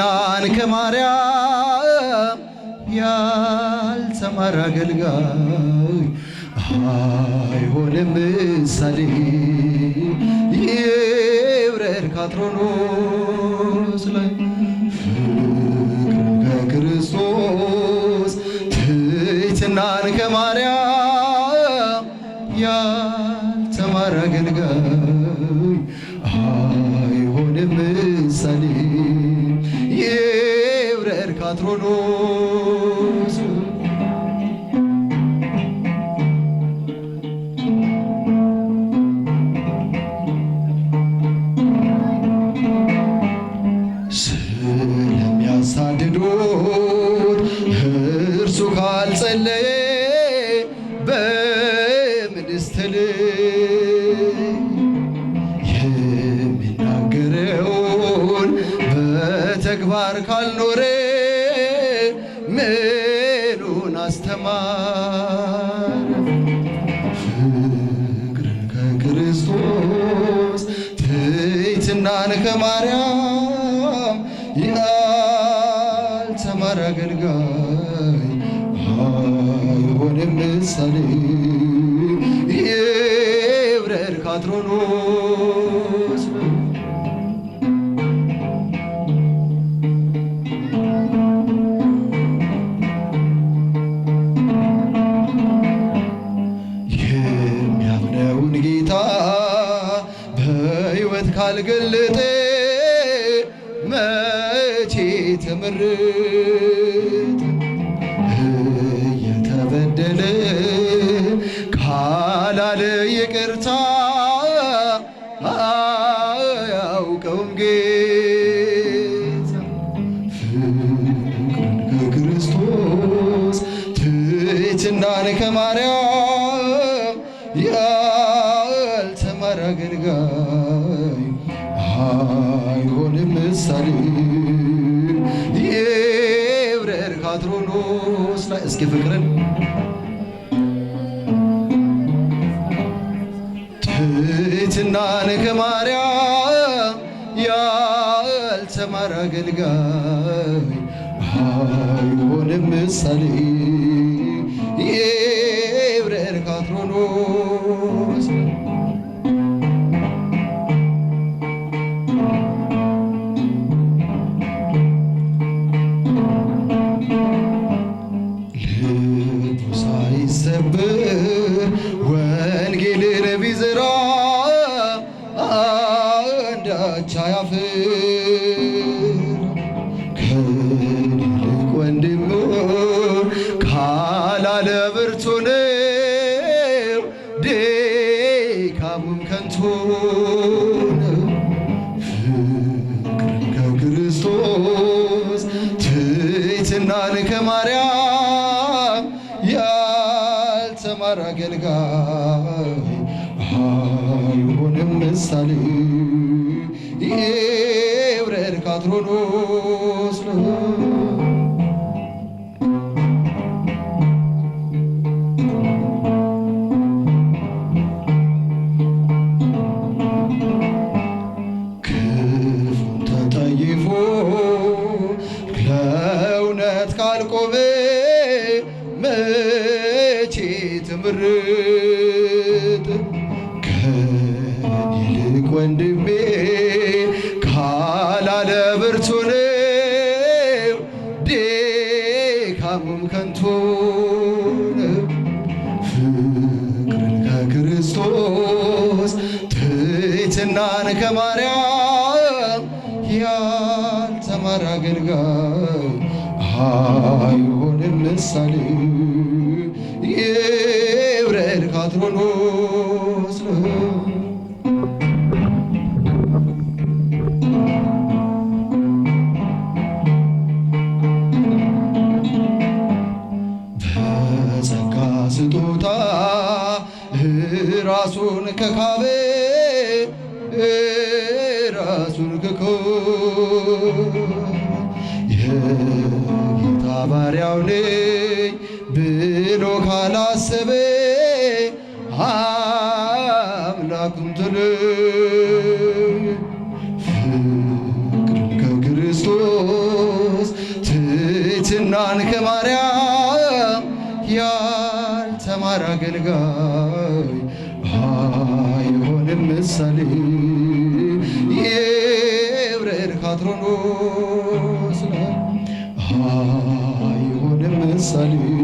ዝናን ከማርያም ያልተማረ አገልጋይ አይሆንም ምሳሌ ይብረር ካትሮኖስ ላይ ፍቅር ከክርስቶስ ትሕትናን ከማርያም ያልተማረ አገልጋይ አይሆንም ምሳሌ patronos. ስለሚያሳድዱት እርሱ ካልጸለየ በምንስትል የሚናገረውን በተግባር ካልኖረ ምሉን አስተማር ፍቅርን ከክርስቶስ ትሕትናን ከማርያም ያልተማረ አገልጋይ አይሆንም ምሳሌ ካትሮኖ ካልገልጤ መቼ ትምርት እየተበደለ ካላለ ይቅርታ አያውቀውም ጌታ ፍቅርን ከክርስቶስ ትሕትናን ከማርያም ያልተማረ አገልጋይ አይሆን ምሳሌ ይብረር ካትሮኖስ ላይ እስኪ ፍቅርን ትህትናን ከማርያም ያልተማረ አገልጋይ አይሆን ምሳሌ ይብረር ካትሮኖስ የሚሰብር የአማራ አገልጋይ አይሆንም ምሳሌ ይብረር ካትሮኖ ብርጥ ከኔ ይልቅ ወንድሜ ካላለ ብርቱ ነው ድካሙም ከንቱ ነው ፍቅርን ከክርስቶስ ትሕትናን ከማርያም ያልተማረ አገልጋይ አይሆንም ምሳሌ አትሆኑ በጸጋ ስጦታ ራሱን ከካቤ ራሱን ክኮ የጌታ ባሪያው ነኝ ብሎ ካላሰበ አምላኩም ትል ፍቅር ከክርስቶስ ትሕትናን ከማርያም ያልተማረ አገልጋይ አይሆንም ምሳሌ የብረድ ካትሮኖስ አይሆንም ምሳሌ